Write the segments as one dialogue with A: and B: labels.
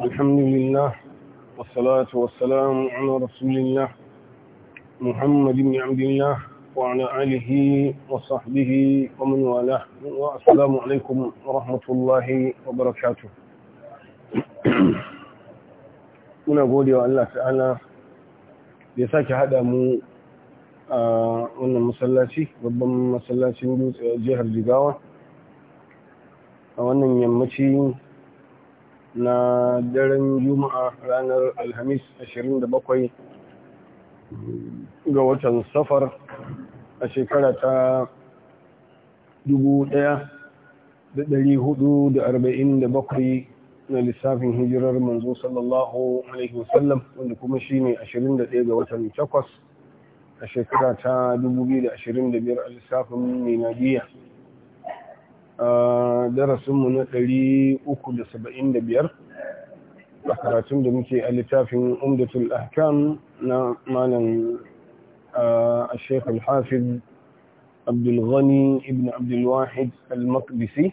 A: الحمد لله والصلاة والسلام على رسول الله محمد بن عبد الله وعلى آله وصحبه ومن والاه والسلام عليكم ورحمة الله وبركاته muna gode wa الله تعالى يساك هذا مو a wannan masallaci babban masallacin jihar jigawa a wannan yammaci na daren juma'a ranar alhamis 27 ga watan safar a shekara ta 1447 na lissafin hijirar manzo sallallahu alaihi wasallam wanda kuma shine 21 ga watan takwas. a shekara ta 2025 a lissafin miladiya a darasinmu na 375 a karatun da muke a littafin umdatul ahkam na malam a shekul hafiz abdulghani ibn abdulwahid al-makbisi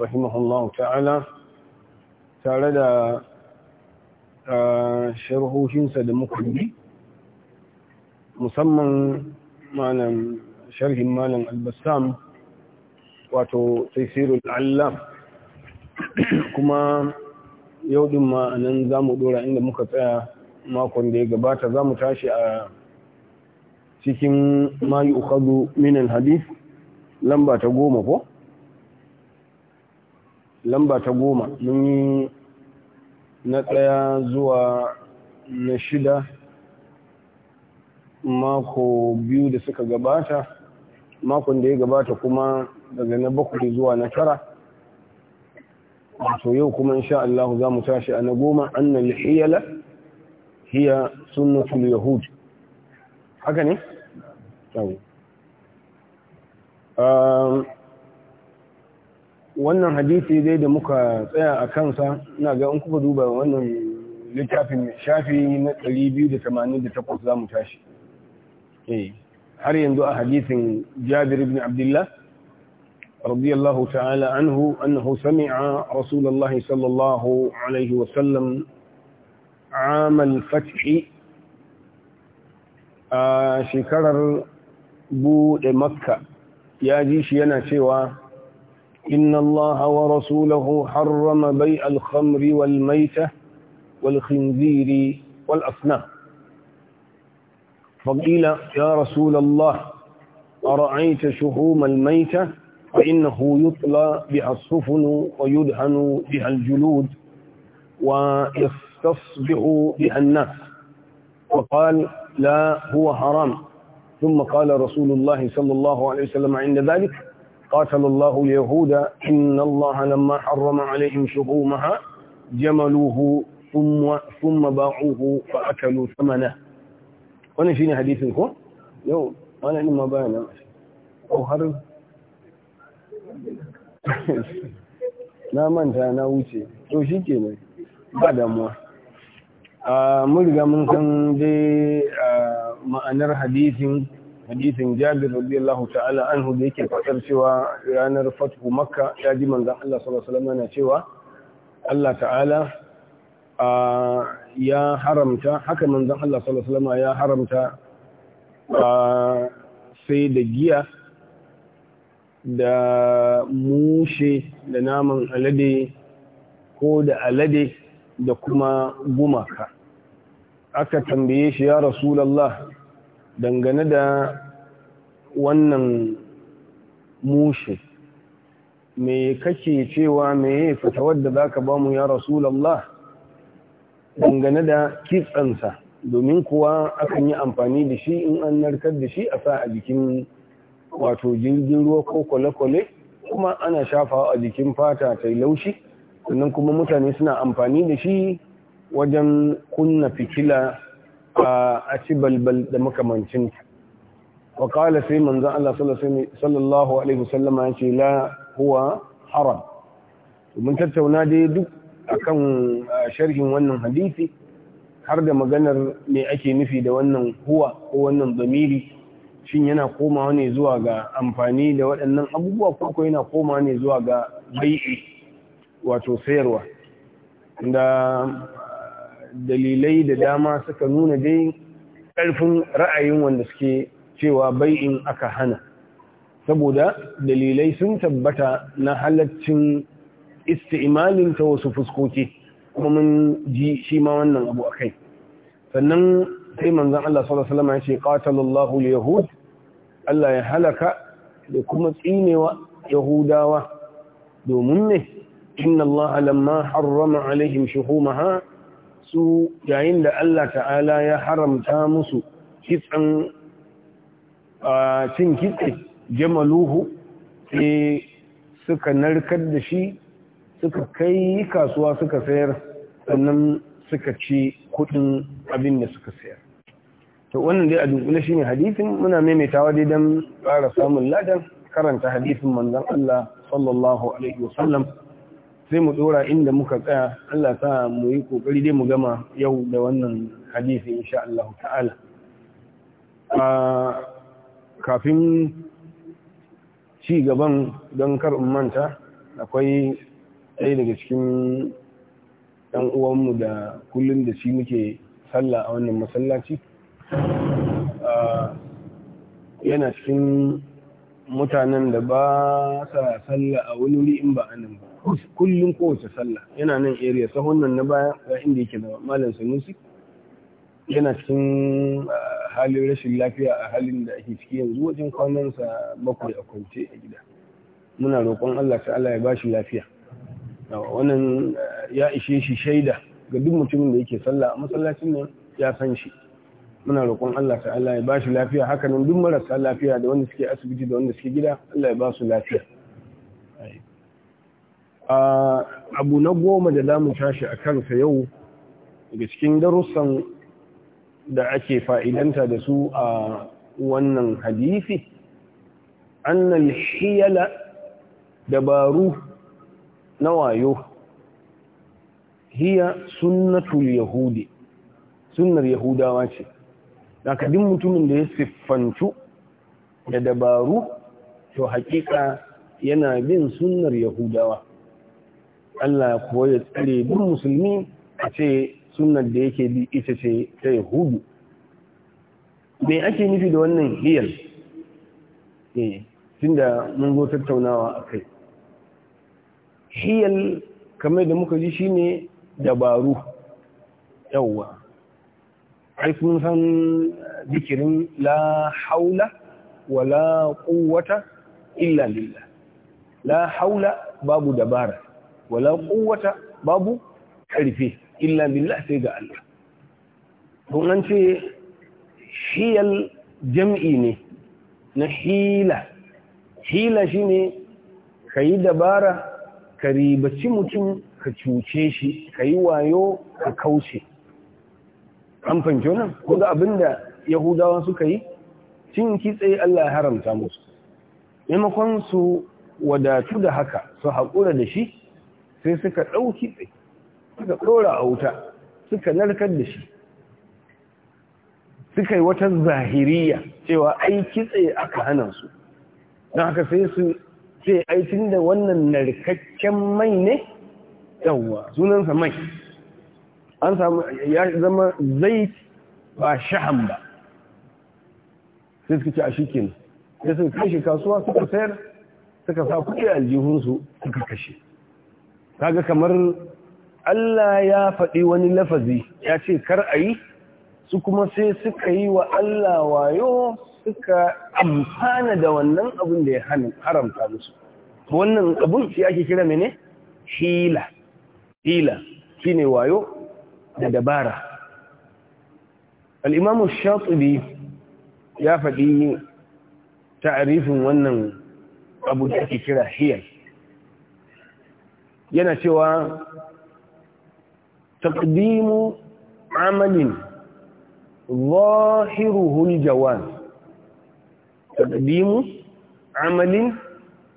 A: rahimahullahu ta'ala tare da sharhohinsa da mukulli musamman malam sharhin malam albassam wato tafsirul allah kuma yau din ma nan za dora inda muka tsaya makon da ya gabata zamu tashi a cikin mayu ukhadu minan hadith lamba ta goma ko? lamba ta goma mun yi na tsaya zuwa na shida mako biyu da suka gabata makon da ya gabata kuma daga na bakwai zuwa na tara wato yau kuma insha Allah za mu tashi a na goma annal hiyala hiya sunnatul yahud haka ne wannan hadisi dai da muka tsaya a kansa ina ga in kuka duba wannan littafin shafi na 288 za mu tashi Eh, har yanzu a hadisin jabir ibn abdullah radiyallahu ta'ala anhu annahu sami'a rasulullahi sallallahu alaihi wa sallam amal fathi a shekarar buɗe makka ya ji shi yana cewa inna allaha wa rasulahu harrama bai al-khamri wal maita wal khinziri wal asnaf فقيل يا رسول الله أرأيت شحوم الميتة فإنه يطلى بها السفن ويدهن بها الجلود ويستصبح بها الناس فقال لا هو حرام ثم قال رسول الله صلى الله عليه وسلم عند ذلك قاتل الله اليهود إن الله لما حرم عليهم شحومها جملوه ثم, ثم باعوه فأكلوا ثمنه wannan shine hadisin ko yau wannan din ma baya nan ko har na manta na wuce to shi ke nan ba damuwa a riga mun san dai ma'anar hadisin hadisin jabir radiyallahu ta'ala anhu da yake fatar cewa ranar fathu makka ya ji manzon Allah sallallahu alaihi wasallam yana cewa Allah ta'ala ya haramta haka zan Allah sallallahu alaihi ya haramta sai da giya da mushe da naman alade ko da alade da kuma gumaka aka tambaye shi ya rasulallah dangane da wannan mushe me kake cewa me fatawar da zaka bamu ya rasulallah dangane da kitsansa domin kuwa akan yi amfani da shi in an narkar da shi a sa a jikin wato jirgin ruwa ko kwale-kwale kuma ana shafawa a jikin fata ta laushi sannan kuma mutane suna amfani da shi wajen kunna fitila a ci balbal da makamancin wa kala sai manzan Allah sallallahu alaihi wasallama ya ce la huwa haram mun tattauna dai duk akan sharhin wannan hadisi har da maganar me ake nufi da wannan huwa ko wannan zamiri shin yana komawa ne zuwa ga amfani da waɗannan abubuwa ko ko yana komawa ne zuwa ga bai'i wato sayarwa da dalilai da dama suka nuna dai ƙarfin ra'ayin wanda suke cewa bai'in aka hana saboda dalilai sun tabbata na halaccin isti'malin ta wasu fuskoki kuma mun ji shi ma wannan abu akai sannan sai manzon Allah sallallahu alaihi wasallam ya ce qatalallahu yahud Allah ya halaka da kuma tsinewa yahudawa domin ne inna Allah lamma harrama alaihim shuhumaha su yayin da Allah ta'ala ya haramta musu kitsan cin kitse jamaluhu sai suka narkar da shi suka kai kasuwa suka sayar sannan suka ci kudin abin da suka sayar to wannan dai a dunkule ne hadisin muna maimaitawa dai don ƙara samun ladan karanta hadisin manzon Allah sallallahu alaihi wasallam sai mu dora inda muka tsaya Allah sa mu yi kokari dai mu gama yau da wannan hadisi insha Allah ta'ala A kafin ci gaban don kar manta akwai ɗaya daga cikin ɗan uwanmu da kullum da shi muke sallah a wannan masallaci yana cikin mutanen da ba sa sallah a wani wuri in ba nan ba kullum kowace sallah yana nan area sahun nan na baya ga inda yake da malam sanusi yana cikin halin rashin lafiya a halin da ake ciki yanzu wajen kwanansa bakwai a kwance a gida muna roƙon Allah ta Allah ya shi lafiya wannan eh, ya ishe shi shaida ga duk mutumin da yake sallah a masallacin nan ya san shi muna roƙon Allah ta'ala ya bashi lafiya haka duk marasa lafiya da wanda suke asibiti da wanda suke gida Allah ya ba su lafiya abu na goma da zamu tashi a kansa yau daga cikin darussan da ake fa'idanta da su a wannan hadisi annal hiyala dabaru na wayo hiya sunnatul yahudi sunnar yahudawa ce daga duk mutumin da ya siffantu da dabaru to hakika yana bin sunnar yahudawa Allah kuwa ya tsare duk musulmi a ce sunnar da yake bi ita ce ta yahudu me ake nufi da wannan hiyar eh tunda mun zo tattaunawa akai hiyal kamar da muka ji ne dabaru yawwa ai san zikirin la haula wala kowata illa billah la haula babu dabara wala kowata babu ƙarfe illa billah sai ga Allah an ce hiyal jam'i ne na hila hila shi shine kayi dabara ka ribaci mutum ka cuce shi ka yi wayo ka kauce an fanke nan kuga abinda yahudawa suka yi cin kitse Allah ya haramta musu maimakon su wadatu da haka su haƙura da shi sai suka ɗau kitse suka ɗora a wuta suka narkar da shi suka yi wata zahiriya cewa ai kitse aka hana su don haka sai su sai ai da wannan narkakken mai ne yawa sunansa mai an samu ya zama zait ba shaham ba sai suka ce a shi kenan sai suka kashe kasuwa suka sayar suka sa kuɗi aljihunsu suka kashe kaga kamar Allah ya faɗi wani lafazi ya ce kar a yi su kuma sai suka yi wa Allah wayo suka amfana da wannan abin da ya haramta musu wannan abin shi ake kira mene hila hila shine wayo da dabara alimamu Shatsubi ya faɗi ta'arifin wannan abu da ake kira hiyal yana cewa taƙdimu amalin ظاهره الجواز تقديم عمل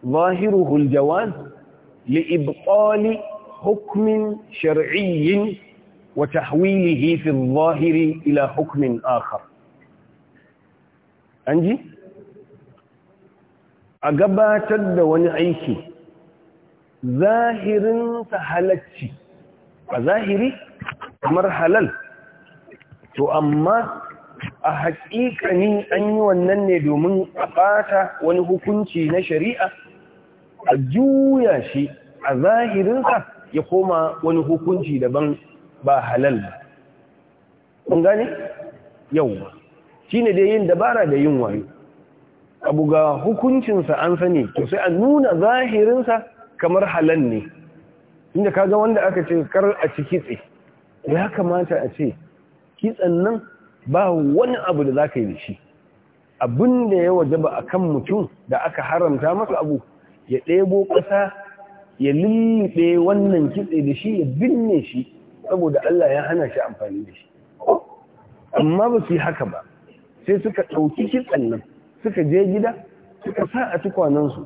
A: ظاهره الجواز لإبطال حكم شرعي وتحويله في الظاهر إلى حكم آخر أنجي تد ونعيكي ظاهر فهلتي فظاهري مرحلل to amma a haƙiƙani an yi wannan ne domin a ɓata wani hukunci na shari'a a juya shi a zahirinsa ya koma wani hukunci daban ba halal ba. Kun gane? Yawwa. Shi ne dai yin dabara da yin wayo. Abu ga hukuncinsa an sani, to sai a nuna zahirinsa kamar halal ne. Inda kaga wanda aka ce kar a ci kitse, ya kamata a ce, kitsan nan ba wani abu da za ka yi da shi abin da ya wajaba a kan mutum da aka haramta masa abu ya ɗebo ƙasa ya lullube wannan kitse da shi ya binne shi saboda Allah ya hana shi amfani da shi amma ba su yi haka ba sai suka ɗauki kitsan nan suka je gida suka sa a tukwanansu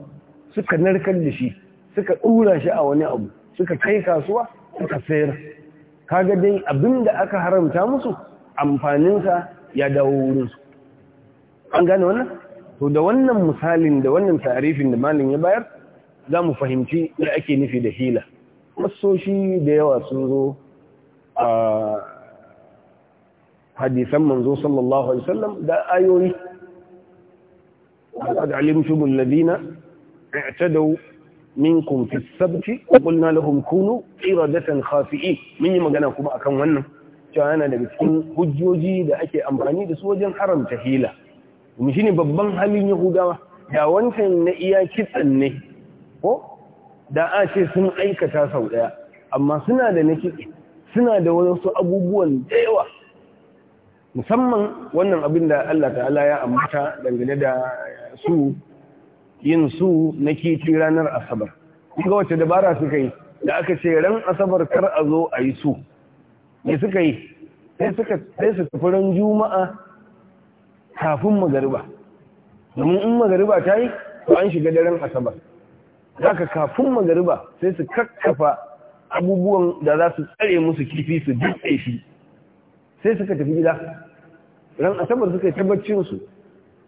A: suka narkar da shi suka ɗura shi a wani abu suka kai kasuwa suka sayar kaga dai abinda aka haramta musu amfaninsa ya dawo wurinsu an gane wannan to da wannan misalin da wannan tarifin da malin ya bayar za mu fahimci da ake nufi da hila masoshi da yawa sun zo a hadisan manzo sallallahu alaihi wasallam da ayoyi قد علمتم الذين اعتدوا minkum fi sabti wa qulna lahum kunu qiradatan khafi'in mun yi magana kuma akan wannan cewa yana daga cikin hujjoji da ake amfani da su wajen haramta hila kuma shine babban halin yahudawa da wancan na iya kitsan ne ko da a ce sun aikata sau daya amma suna da na kitse suna da wasu abubuwan da yawa musamman wannan abin da Allah ta'ala ya ambata dangane da su yin su na kiti ranar asabar kun ga wace dabara suka yi da aka ce ran asabar kar a zo a yi su me suka yi sai su tafi ran juma'a kafin magariba domin in magariba ta yi to an shiga daren asabar Za ka kafin magariba sai su kakkafa abubuwan da za su tsare musu kifi su dutse shi sai suka tafi gida ran asabar suka yi tabbacin su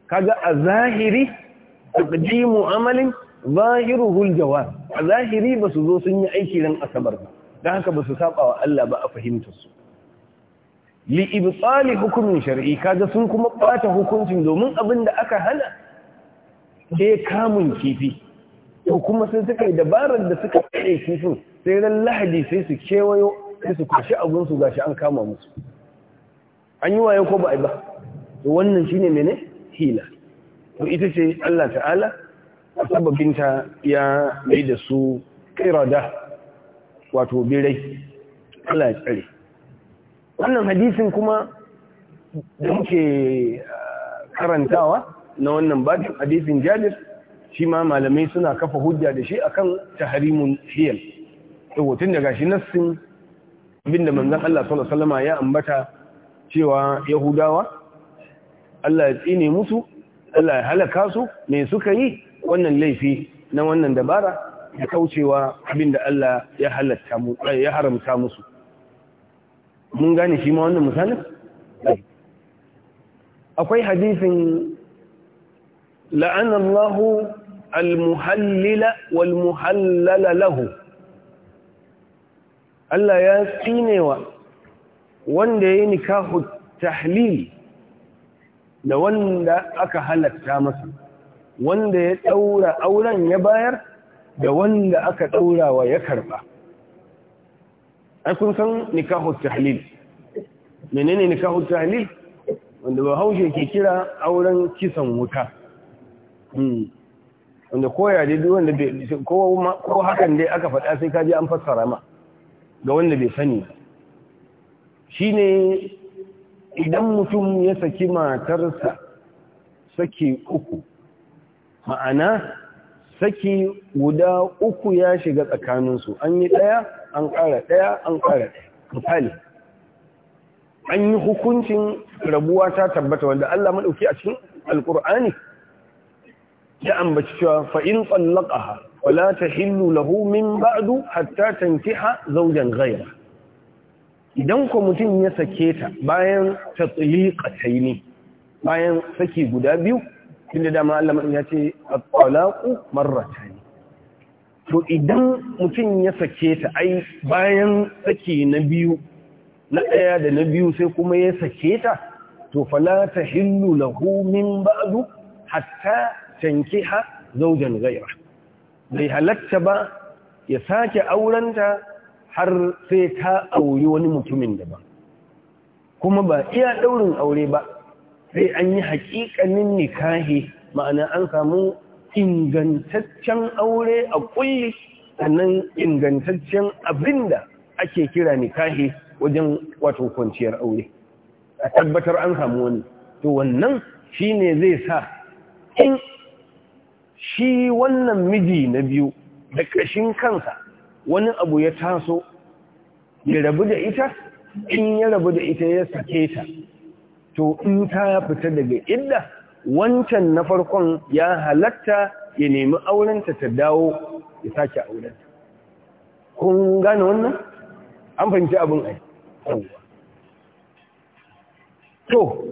A: kaga a zahiri taqdimu amalin zahiruhu jawaz a zahiri basu zo sun yi aiki nan asabar ba da haka basu saba wa Allah ba a fahimtar su li ibtali hukumin shar'i kaga sun kuma bata hukuncin domin abin da aka hana ke kamun kifi to kuma sai suka yi dabarar da suka kare kifi sai ran lahadi sai su kewayo sai su kashi abun su gashi an kama musu an yi waye ko ba ai ba wannan shine mene hila to ita ce Allah ta'ala a sababinta ya mai da su kairada, wato birai Allah ya tsare wannan hadisin kuma da muke ah, karantawa na wannan batin, hadisin jabir shi ma malamai suna kafa hujja da shi akan taharimun hiyal tun daga shi nassin abinda manzon Allah sallallahu alaihi ya ambata cewa yahudawa Allah ya tsine musu Allah ya halaka su me suka yi wannan laifi na wannan dabara ya kaucewa abin Allah ya halatta mu eh, ya haramta musu mun gane shi ma wannan misalin akwai hadisin la'ana Allahu al-muhallila wal muhallala lahu Allah ya tsinewa wanda ya yi nikahu tahlili da wanda aka halatta masa wanda ya ɗaura auren ya bayar da wanda aka wa ya karɓa Akun san nikahu tahlil menene nikahu tahlil wanda bahaushe ke kira auren kisan wuta hmm. wanda koya dai duk wanda ko hakan dai aka faɗa sai kaji an fassara ma ga wanda bai sani shine idan mutum ya saki matarsa saki uku ma'ana saki guda uku ya shiga tsakaninsu an yi ɗaya an ƙara ɗaya an ƙara ɗaya an yi hukuncin rabuwa ta tabbata wanda Allah maɗauki a cikin alƙur'ani ya ambaci cewa fa'in tsallaka wala ta hillu lahu min ba'adu, hatta tankiha zaujan gaira idan ku mutum ya sake ta bayan ta tsiliƙatai ne bayan saki guda biyu inda dama Allah ya ce a tsalaƙu marrata to idan mutum ya sake ta ai bayan saki na biyu na ɗaya da na biyu sai kuma ya sake ta to fala ta hillu lahu min ba'du hatta tankiha zawjan ghayra bai halatta ba ya sake aurenta har sai ta auri wani mutumin daban kuma ba iya daurin aure ba sai an yi hakikanin nikahi ma'ana an samu ingantaccen aure a kulli sannan ingantaccen abinda ake kira nikahi wajen wato kwanciyar aure a tabbatar an samu wani to wannan shine zai sa in shi wannan miji na biyu da kashin kansa wani abu ya taso ya rabu da ita in ya rabu da ita ya sake ta to in ta fita daga idda wancan na farkon ya halatta ya nemi aurenta ta dawo ya sake aurenta kun gane wannan an fahimci abin ai to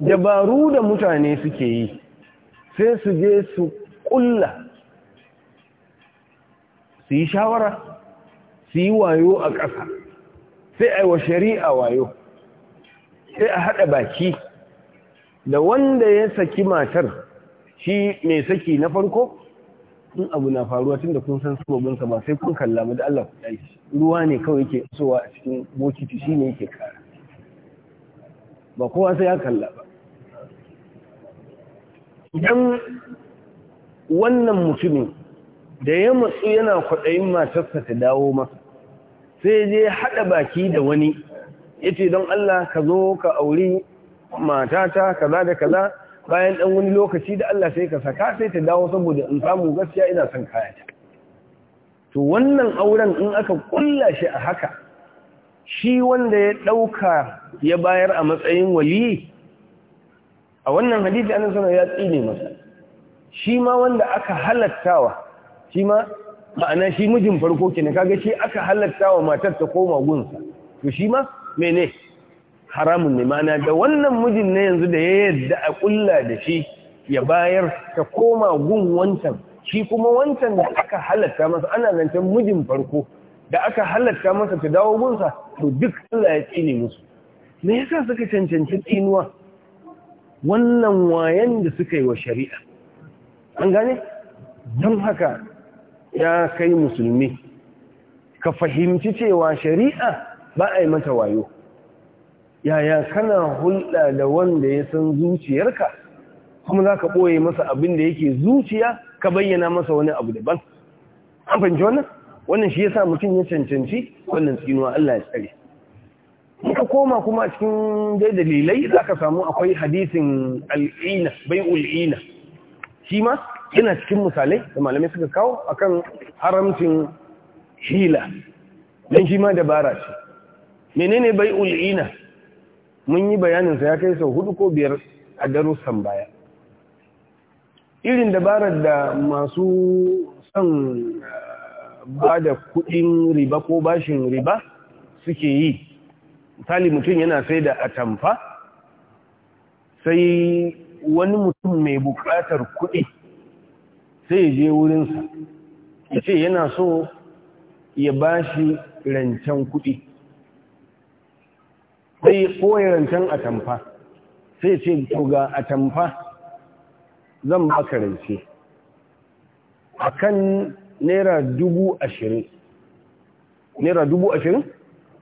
A: dabaru da mutane suke yi sai su je su kulla su yi shawara su yi wayo a ƙasa sai a yi wa shari'a wayo sai a haɗa baki da wanda ya saki matar shi mai saki na farko in abu na faruwa tun da kun san sababinsa ba sai kun kalla da Allah ku ɗai ruwa ne kawai yake sowa a cikin bokiti shi ne yake kara ba kowa sai ya kalla ba idan wannan mutumin da ya matsu yana kwaɗayin matarsa ta dawo masa sai je haɗa baki da wani ya ce don Allah ka zo ka auri matata kaza da kaza bayan ɗan wani lokaci da Allah sai ka saka sai ta dawo saboda in samu gaskiya ina son kaya ta. to wannan auren in aka kulla shi a haka shi wanda ya ɗauka ya bayar a matsayin wali. a wannan hadisi annabi sana ya tsine masa shi ma wanda aka halattawa shi ma ma'ana shi mijin farko kenan kaga shi aka halatta wa matar ta koma gunsa to shi ma mene haramun ne ma'ana da wannan mijin na yanzu da ya yadda a kulla da shi ya bayar ta koma gun wancan shi kuma wancan da aka halatta masa ana nan mijin farko da aka halatta masa ta dawo gunsa to duk Allah ya tsine musu me yasa suka cancanci tsinuwa wannan wayan da suka yi wa shari'a an gane don haka ya kai musulmi ka fahimci cewa shari'a ba a yi mata wayo yaya kana hulɗa da wanda ya san zuciyarka kuma za ka ɓoye masa abin da yake zuciya ka bayyana masa wani abu daban an fahimci wannan wannan shi ya sa mutum ya cancanci wannan tsinuwa Allah ya tsare ka koma kuma cikin dai dalilai za ka samu akwai hadisin al'ina bai ul'ina shi ma yana cikin misalai da malamai suka kawo akan haramcin hila don shi ma dabara ce menene bai ul'ina mun yi bayaninsa ya kai sau hudu ko biyar a darussan baya irin dabarar da masu son eh, ba da kudin riba ko bashin riba suke yi misali mutum yana sai da atamfa sai wani mutum mai bukatar kudi sai ya je wurinsa ya ce yana so ya ba shi rancen kuɗi sai koya rancen atamfa sai ce to ga atamfa zan baka rance a kan naira dubu ashirin naira dubu ashirin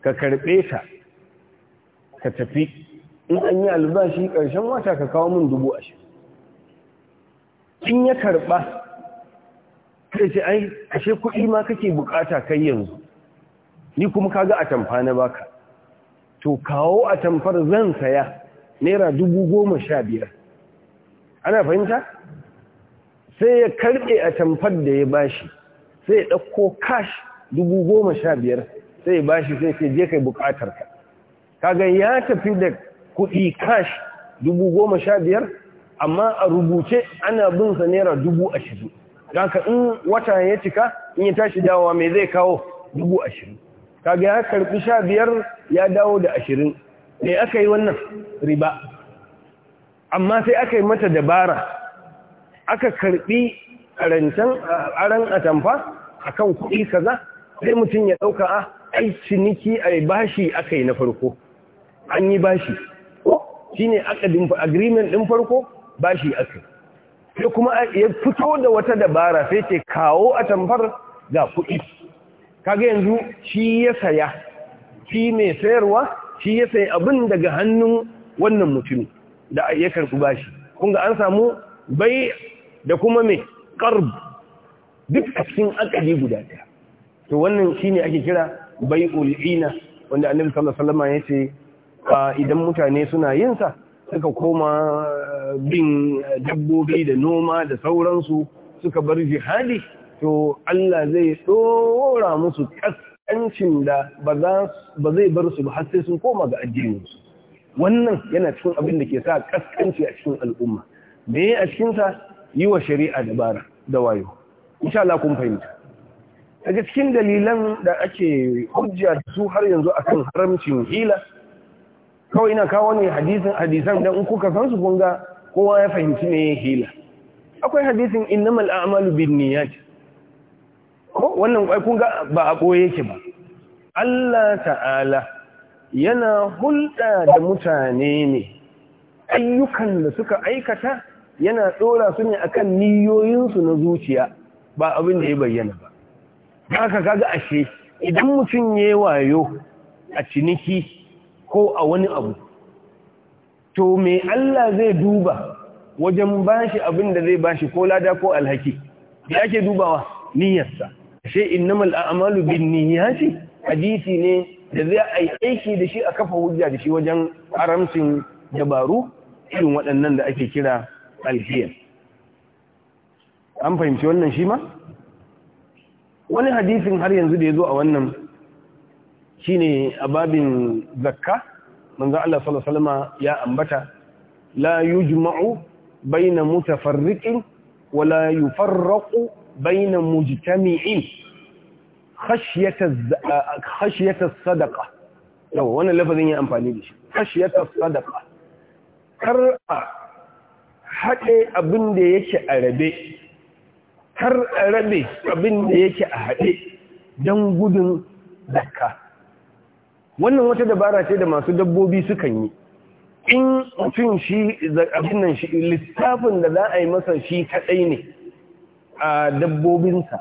A: ka karɓe ta ka tafi in an yi albashi ƙarshen wata ka kawo min dubu ashirin in ya karɓa kai ce ai ashe kuɗi ma kake bukata kai yanzu ni kuma kaga a tamfa na baka to kawo a tamfar zan saya naira dubu goma sha biyar ana fahimta sai ya karɓe a tamfar da ya bashi sai ya ɗauko kash dubu goma sha biyar sai ya bashi sai sai je kai bukatar ka kaga ya tafi da kuɗi kash dubu goma sha biyar amma a rubuce ana bin sa naira dubu ashirin don in wata ya cika in ya tashi dawowa mai zai kawo dubu ashirin kaga ya karbi sha biyar ya dawo da ashirin mai aka yi wannan riba amma sai aka yi mata dabara aka karɓi rancen aran atamfa kan kuɗi kaza sai mutum ya ɗauka a ah, ai ciniki a bashi aka yi na farko an yi bashi shine akadin agreement din farko bashi aka sai kuma ya fito da wata dabara sai ke kawo a tamfar ga kuɗi kaga yanzu shi ya saya shi mai sayarwa shi ya saya. abin daga hannun wannan mutum da ya karɓi bashi kunga an samu bai da kuma mai ƙarb duk a cikin akali guda ɗaya to wannan ne ake kira bai ul'ina wanda annabi sallallahu alaihi wasallam ya ce idan mutane suna yinsa. suka koma eh, bin dabbobi da noma da sauransu suka bar jihadi to Allah zai tsora musu kaskancin da ba zai bar su ba har sai sun koma ga addininsu wannan yana cikin abin da ke sa kaskanci a cikin al'umma da ya a cikinsa yi wa shari'a dabara da wayo insha Allah kun fahimta daga cikin dalilan da ake hujja su har yanzu akan haramcin hila kawai ina kawo ne hadisin hadisan dan in kuka san su kun ga kowa ya fahimci me hila akwai hadisin innamal a'malu binniyat ko wannan kai kun ga ba a boye yake ba Allah ta'ala yana hulɗa da mutane ne ayyukan da suka aikata yana ɗora su ne akan su na zuciya ba abin da ya bayyana ba haka kaga ashe idan mutum yayi wayo a ciniki ko a wani abu to me Allah zai duba wajen bashi abin da zai bashi ko lada ko alhaki da ake dubawa niyyarsa ashe innamal a'malu binniyati hadisi ne da zai ai aiki da shi a kafa hujja da shi wajen haramcin dabaru irin waɗannan da ake kira alhiyar an fahimci wannan shi ma wani hadisin har yanzu da ya zo a wannan shine a babin zakka manzo Allah sallallahu alaihi wasallam ya ambata la yujma'u baina mutafarriqin wa la yufarraqu baina mujtami'in khashyata khashyata sadaqa yau wannan lafazin ya amfani da shi khashyata sadaqa kar a haɗe abin da yake a rabe kar a rabe abin da yake a haɗe don gudun zakka wannan wata dabara ce da masu dabbobi sukan yi in mutum shi abin nan shi lissafin da za a yi masa shi kaɗai ne a dabbobinsa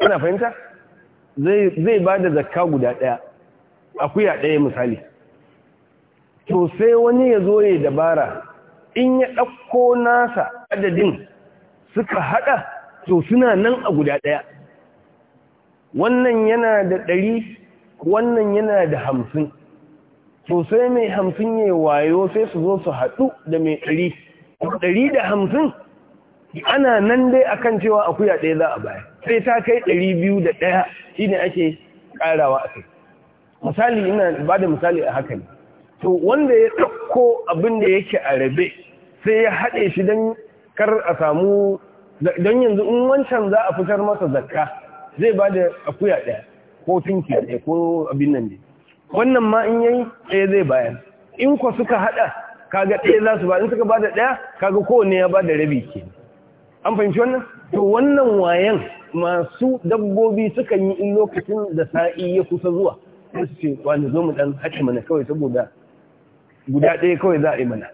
A: ana fahimta zai ba da zakka guda ɗaya akuya ɗaya misali to sai wani ya zo ya dabara in ya ɗauko nasa adadin suka haɗa to suna nan a guda ɗaya wannan yana da ɗari wannan yana da hamsin to sai mai hamsin ya wayo sai su zo su haɗu da mai ɗari ɗari da hamsin ana nan dai akan cewa akuya ɗaya za a baya sai ta kai ɗari biyu da ɗaya shine ake ƙarawa a kai misali ina ba da misali a haka ne to wanda ya ɗauko abin da yake a rabe sai ya haɗe shi don kar a samu don yanzu in wancan za a fitar masa zakka zai ba da akuya ɗaya ko tunki ne ko abin nan ne wannan ma in yayi ɗaya zai bayar in ku suka hada kaga ɗaya za su ba in suka bada ɗaya kaga kowanne ya bada rabi ke an fahimci wannan to wannan wayan masu dabbobi sukan yi in lokacin da sa'i ya kusa zuwa sai su ce wani zo mu dan haɗe mana kawai saboda guda ɗaya kawai za a yi mana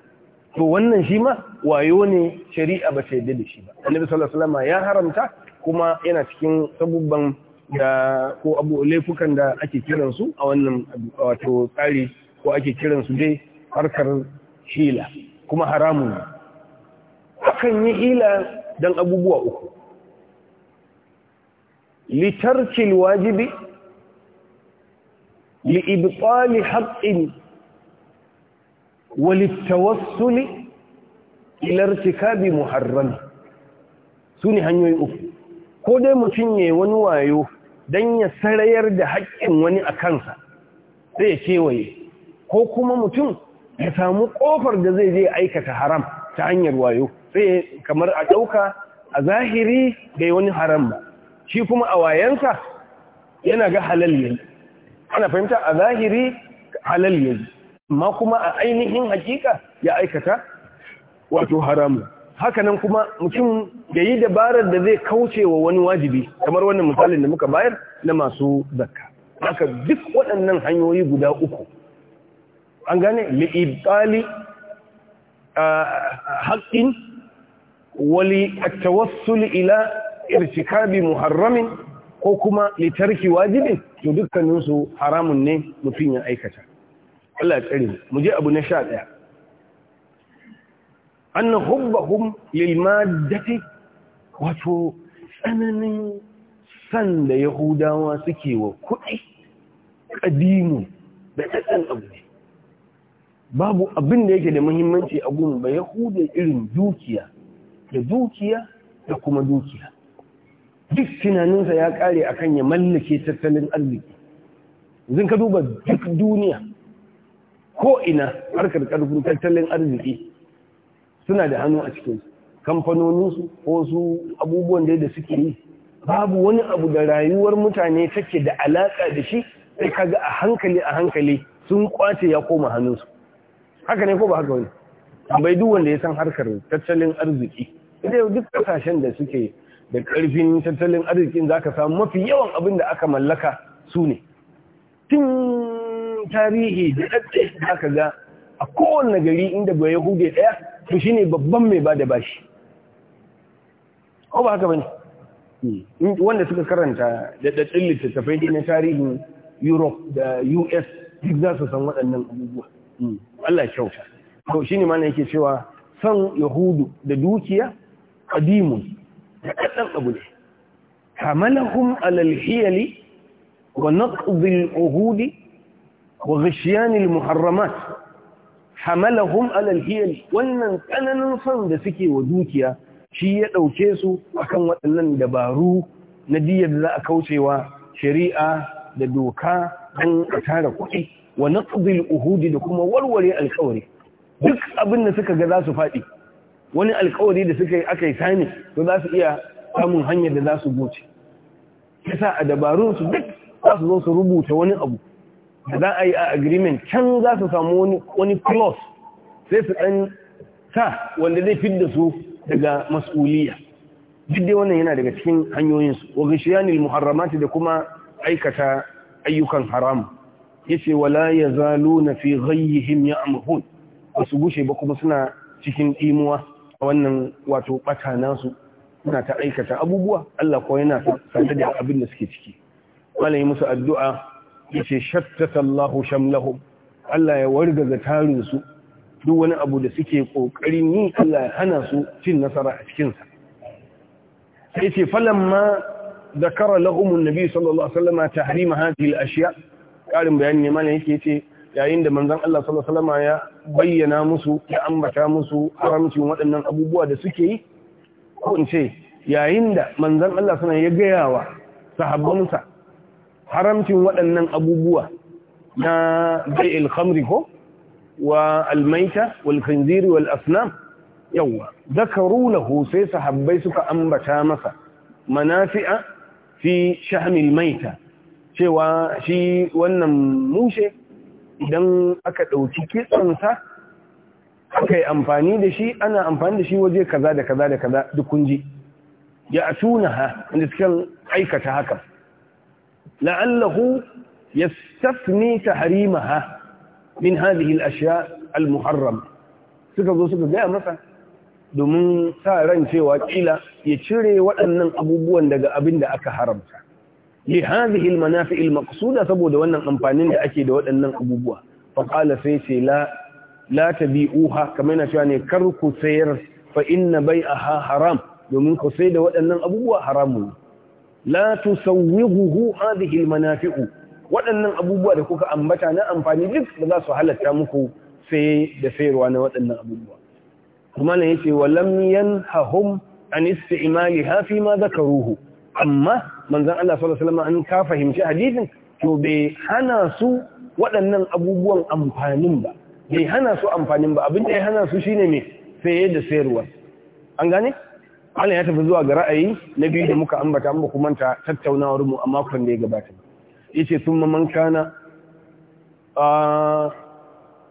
A: to wannan shi ma wayo ne shari'a ba ta yadda da shi ba annabi sallallahu alaihi wasallam ya haramta kuma yana cikin sabubban da ko abu laifukan da ake kiransu a wannan wato tsari ko ake kiransu dai harkar hila kuma haramun hakan yi hila don abubuwa uku litarkil wajibi li'ibtali haqqin wa litawassuli mu haramu. Su sune hanyoyi uku ko dai mutum ne wani wayo don ya sarayar da haƙƙin wani a kansa sai ya kewaye ko kuma mutum ya samu ƙofar da zai je aikata haram ta hanyar wayo sai kamar a ɗauka a zahiri bai wani haram ba shi kuma a wayansa yana ga halal yanzu ana fahimta a zahiri halal yanzu, amma kuma a ainihin haƙiƙa ya aikata wato haramu hakanan kuma mutum ya yi dabarar da zai kauce wa wani wajibi kamar wannan misalin da muka bayar na masu zakka haka duk waɗannan hanyoyi guda uku an gane li'ibali haƙƙin wali at ila irtikabi muharramin ko kuma litarki wajibi to dukkaninsu haramun ne mutum ya aikata Allah ya tsare mu je abu na sha ɗaya. an hubbahum lil maddati wato tsananin san da yahudawa suke wa kuɗi ƙadimu da ɗaɗɗan abu ne babu abin da yake da muhimmanci a gun ba yahuda irin dukiya da dukiya da kuma dukiya duk tunaninsa ya ƙare akan ya mallake tattalin arziki zin ka duba duk duniya ko ina harkar ƙarfin tattalin arziki suna da hannu a cikin kamfanoninsu ko su abubuwan da da suke yi babu wani abu da rayuwar mutane take da alaƙa da shi sai kaga a hankali a hankali sun kwace ya koma hannunsu haka ne ko ba haka wani bai duk wanda ya san harkar tattalin arziki idan duk kasashen da suke da ƙarfin tattalin arzikin za ka samu mafi yawan abin da aka mallaka su ne tun tarihi da ɗaɗɗe za ka ga a kowane gari inda bai hude ɗaya to shine babban mai bada bashi ko ba haka ne? Hmm. wanda suka karanta da ɗaɗɗin littattafai na tarihin Europe da US duk za su san waɗannan abubuwa hmm. Allah kyauta to shi ne mana yake cewa san yahudu da dukiya ƙadimun da ƙaddan abu ne hamalahum alal hiyali wa naqdhi uhudi wa muharramat hamalahum alal hiyal wannan tsananin son da suke wa dukiya shi ya ɗauke su akan waɗannan dabaru na diyar da za a kaucewa shari'a da doka don a tara kuɗi wa naqdil uhudi da kuma warware alƙawari duk abin da suka ga za su faɗi wani alƙawari da suka yi aka yi sani to za su iya samun hanyar da za su goce yasa a dabarun su duk za su zo su rubuta wani abu da za a yi a agreement can za su samu wani plus sai su ɗan sa wanda zai fi da su daga mas'uliya duk dai wannan yana daga cikin hanyoyinsu wa gishiyanil muharramati da kuma aikata ayyukan haram ce, wala ya zalo na fi ghayyihim Ba su gushe ba kuma suna cikin imuwa a wannan wato bata nasu suna ta aikata abubuwa Allah ko yana sanar da abin da suke ciki wala yi musu addu'a yace shattata Allahu shamlahum Allah ya wargaza tarin su duk wani abu da suke kokarin yi Allah ya hana su cin nasara a cikin sa sai ce falamma dakara lahum annabi sallallahu alaihi wasallam tahrima hadhihi al-ashya karin bayani ne mana yake yace yayin da manzon Allah sallallahu alaihi wasallam ya bayyana musu ya ambata musu haramcin waɗannan abubuwa da suke yi ko in ce yayin da manzon Allah sallallahu alaihi wasallam ya gaya wa sahabbansa haramcin waɗannan abubuwa na bai'il khamri ko wa almaita wal khinziri wal asnam yawa zakaru lahu sai sahabbai suka ambata masa manafi'a fi shahmil maita cewa shi wannan mushe idan aka ɗauki sa aka yi amfani da shi ana amfani da shi waje kaza da kaza da kaza duk kunji ya atuna ha inda suke aikata haka لعله يستثني تحريمها من هذه الأشياء المحرمة سكذو سكذو جاء مثلا domin sa ran cewa kila ya cire waɗannan abubuwan daga abin da aka haramta li hadhihi al-manafi' al-maqsuda saboda wannan amfanin da ake da waɗannan abubuwa fa qala sai ce la la tabi'uha kamar yana cewa ne kar ku sayar fa inna bai'aha haram domin ku sai da waɗannan abubuwa haramun la tusawwighu hadhihi almanafi'u waɗannan abubuwa da kuka ambata na amfani duk ba za su halatta muku sai da sayarwa na waɗannan abubuwa kuma ne yace wa lam yanhahum an isti'maliha fi ma zakaruhu amma manzon Allah sallallahu alaihi wasallam an ka fahimci hadisin to bai hana su waɗannan abubuwan amfanin ba bai hana su amfanin ba abin da ya hana su shine me saye da sayarwa an gane malam ya tafi zuwa ga ra'ayi na biyu da muka ambata an baku manta tattaunawar mu a makon da ya gabata yace summa man kana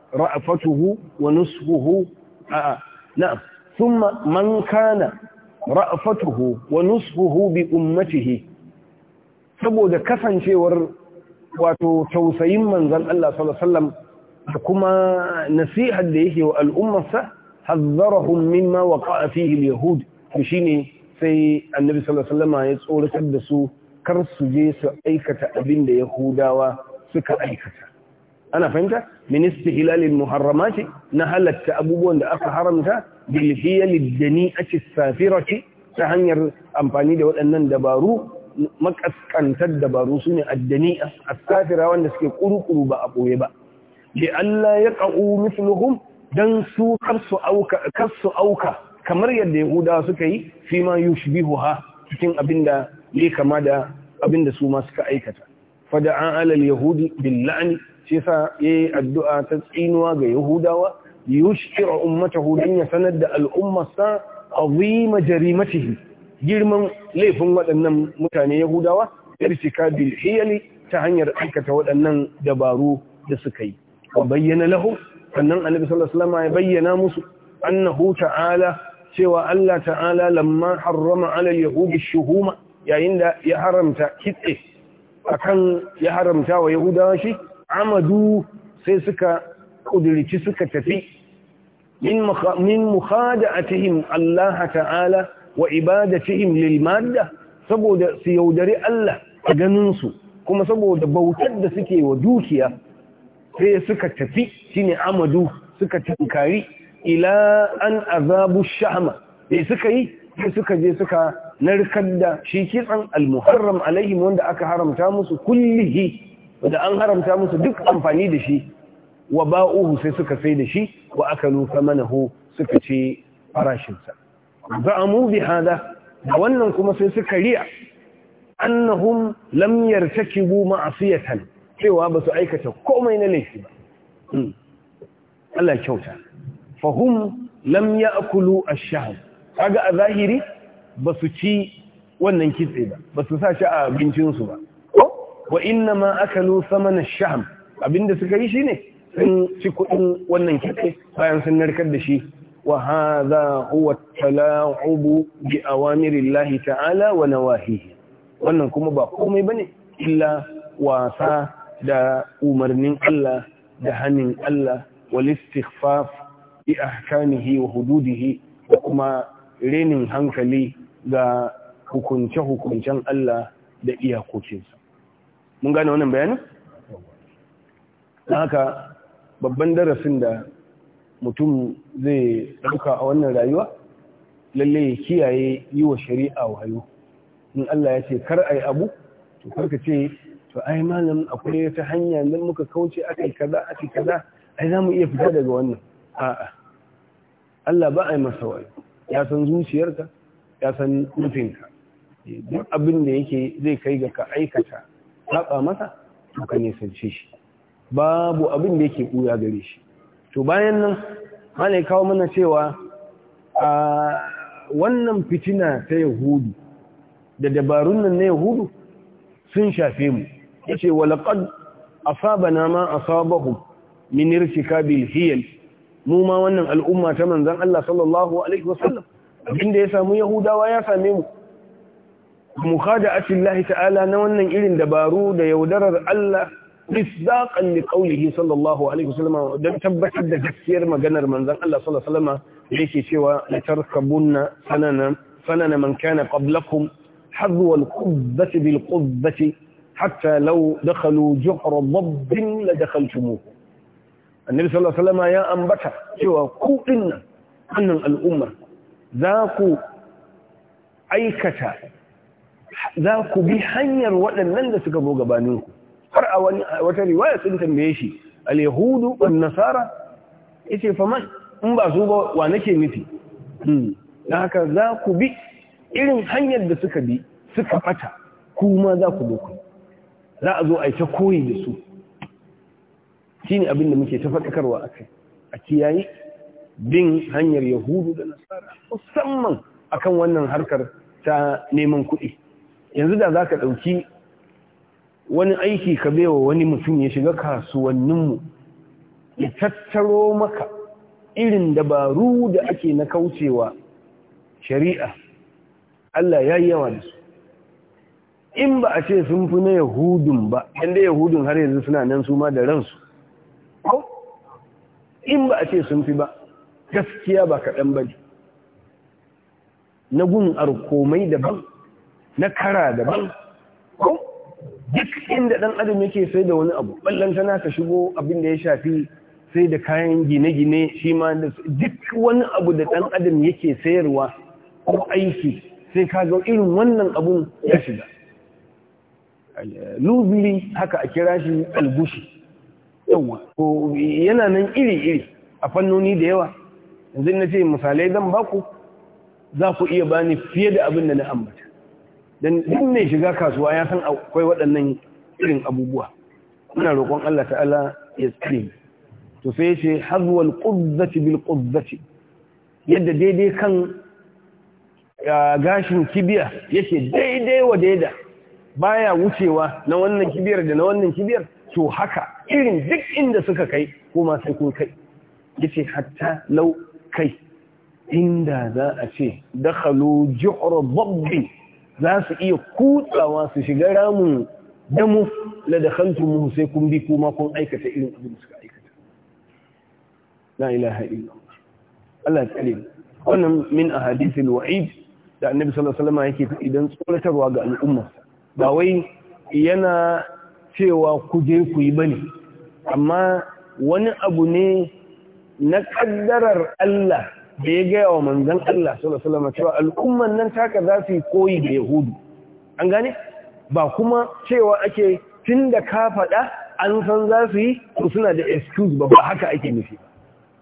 A: ra'afatuhu wa nusbuhu a'a na'am summa man kana ra'afatuhu wa nusbuhu bi ummatihi saboda kasancewar wato tausayin manzon Allah sallallahu alaihi wasallam da kuma nasihar da yake wa al'ummarsa hazzarahum mimma waqa'a fihi al-yahud to shine sai annabi sallallahu ya tsoratar da su kar su je su aikata abin da yahudawa suka aikata ana fahimta min istihlalil muharramati na halatta abubuwan da aka haramta bil hiyalid dani'ati safirati ta hanyar amfani da waɗannan dabaru makaskantar dabaru su ne a safira wanda suke kurukuru ba a ɓoye ba da Allah ya ƙa'u misluhum don su karsu auka kamar yadda yahudawa suka yi fi ma ha cikin abinda ya kama da da su ma suka aikata an alal yahudi bil la'ni shi ya yayi addu'a ta tsinuwa ga yahudawa yushkira ummata dan ya sanar da al'ummarsa azima jarimatihi girman laifin waɗannan mutane yahudawa irtika bil hiyali ta hanyar aikata waɗannan dabaru da suka yi bayyana lahu sannan annabi sallallahu alaihi wasallam ya bayyana musu annahu ta'ala cewa Allah ta'ala lamma harrama ala yahudi shuhuma yayin da ya haramta kitse akan ya haramta wa yahudawa shi amadu sai suka kudirci suka tafi min mukhada'atihim Allah ta'ala wa ibadatihim lil madda saboda su yaudari Allah a ganin su kuma saboda bautar da suke wa dukiya sai suka tafi shine amadu suka tankari ila an azabu shahma da suka yi sai suka je suka narkar da shi kitsan almuharram alaihim wanda aka haramta musu kullihi wanda an haramta musu duk amfani da shi wa ba'uhu sai suka sai da shi wa akalu famanahu suka ce farashinsa za'amu bi hada da wannan kuma sai suka riya annahum lam yartakibu ma'asiyatan cewa basu aikata komai na laifi ba hmm. Allah kyauta fahum lam akulu a shahar kaga a zahiri ba su ci wannan kitse ba ba su sa shi a abincinsu ba wa inna ma akalu saman ash abinda suka yi shine sun ci kuɗin wannan kitse bayan sun narkar da shi wa hadha huwa talaubu bi awamirillahi ta'ala wa nawahihi wannan kuma ba komai ne? illa wasa da umarnin Allah da hannun Allah wal istighfaf bi ahkamihi wa hududihi da kuma renin hankali ga hukunce-hukuncen Allah da iyakokinsa. Mun gane wannan bayanin? Na haka babban darasin da mutum zai ɗauka a wannan rayuwa, lalle ya kiyaye yi wa shari'a wayo. In Allah ya ce, kar ai abu, to karka ce, to ai malam akwai ta hanya nan muka kauce aka kaza aka kaza, ai za mu iya fita daga wannan. a'a Allah ba a yi masa wani ya san zuciyarka ya san nufinka duk abin da yake zai kai ga ka aikata saba masa to ka nisance shi babu abin da yake buya gare shi to bayan nan malai kawo mana cewa a wannan fitina ta yahudu da dabarun nan na yahudu sun shafe mu yace walaqad asabana ma asabahu min irtikabil hiyal mu ma wannan al'umma ta manzon Allah sallallahu alaihi wasallam inda ya samu yahudawa ya same mu mukhada'atin Allah ta'ala na wannan irin dabaru da yaudarar Allah bisdaqan li qawlihi sallallahu alaihi wasallam da tabbatar da gaskiyar maganar manzon Allah sallallahu alaihi wasallam yake cewa la tarkabunna sanana sanana man kana qablakum hadhu al-qubbati bil-qubbati hatta law dakhalu juhra dhabbin la annabi sallallahu alaihi wasallam ya ambata cewa ku dinnan annan al'ummar za ku aikata za ku bi hanyar waɗannan da suka boga baninku. har a wata riwaya sun tambaye shi al-yahudu wan nasara yace fa man in ba su ba wa nake nufi hmm. dan haka za ku bi irin hanyar da suka bi suka bata kuma za ku bi za a zo a yi ta koyi da su shi abin da muke ta fadakarwa a kai a kiyaye bin hanyar yahudu da nasara musamman akan wannan harkar ta neman kuɗi yanzu da za ka ɗauki wani aiki ka baiwa wani mutum ya shiga kasuwanninmu ya tattaro maka irin dabaru da ake na kaucewa shari'a Allah ya yi yawa da su in ba a ce sun fi na yahudun ba yadda yahudun har yanzu suna nan su ma da ransu ko in ba a ce sun fi ba gaskiya ba kaɗan ba ne na gun arkomai daban na kara daban ko duk inda ɗan adam yake sai da wani abu tana ka shigo abin da ya shafi sai da kayan gine-gine shi ma da duk wani abu da ɗan adam yake sayarwa ko aiki sai ka ga irin wannan abun ya shiga lubili haka a kira shi algushi yana nan iri-iri a fannoni da yawa yanzu na ce misalai zan baku za ku iya bani fiye da abin da na ambata don duk ne shiga kasuwa ya san akwai waɗannan irin abubuwa muna roƙon Allah ta'ala ya tsare to sai ce hazwal quzzati bil quzzati yadda daidai kan gashin kibiya yake daidai wa daida baya wucewa na wannan kibiyar da na wannan kibiyar to haka irin duk inda suka kai kuma sai kun kai yace hatta lau kai inda za a ce dakhalu ju'ra dabbi za su iya kutsawa su shiga ramun damu la dakhaltumuhu sai kun bi kuma kun aikata irin abin da suka aikata la ilaha Allah ya wannan min ahadithil wa'id da annabi sallallahu alaihi wasallam yake idan tsoratarwa ga al'umma ba wai yana cewa kuje je ku yi bane amma wani abu ne na kaddarar Allah da ya gaya wa manzan Allah sallallahu cewa al'umman nan taka za su yi koyi da Yahudu an gane ba kuma cewa ake tunda da ka faɗa an san za su yi to suna da excuse ba ba haka ake nufi